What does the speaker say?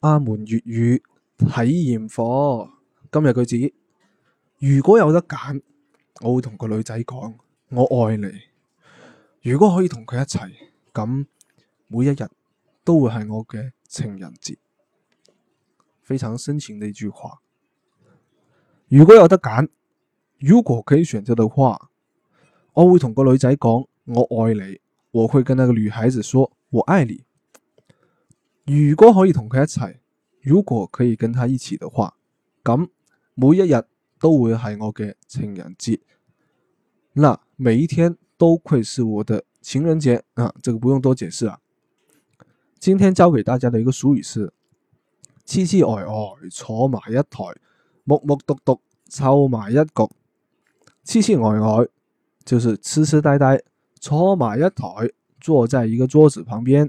阿門粵語體驗課。今日嘅句子，如果有得揀，我會同個女仔講，我愛你。如果可以同佢一齊，咁每一日都會係我嘅情人節。非常深情的一句話。如果有得揀，如果可以選擇的話，我會同個女仔講，我愛你。我會跟那個女孩子說，我愛你。如果可以同佢一齊，如果可以跟他一起的話，咁每一日都會係我嘅情人節，嗱，每一天都會是我的情人節啊！這個不用多解釋啊。今天教給大家的一個俗語是：痴痴呆呆坐埋一台，木木獨獨湊埋一局。痴痴呆呆就是痴痴呆呆，坐埋一台，坐在一個桌子旁邊。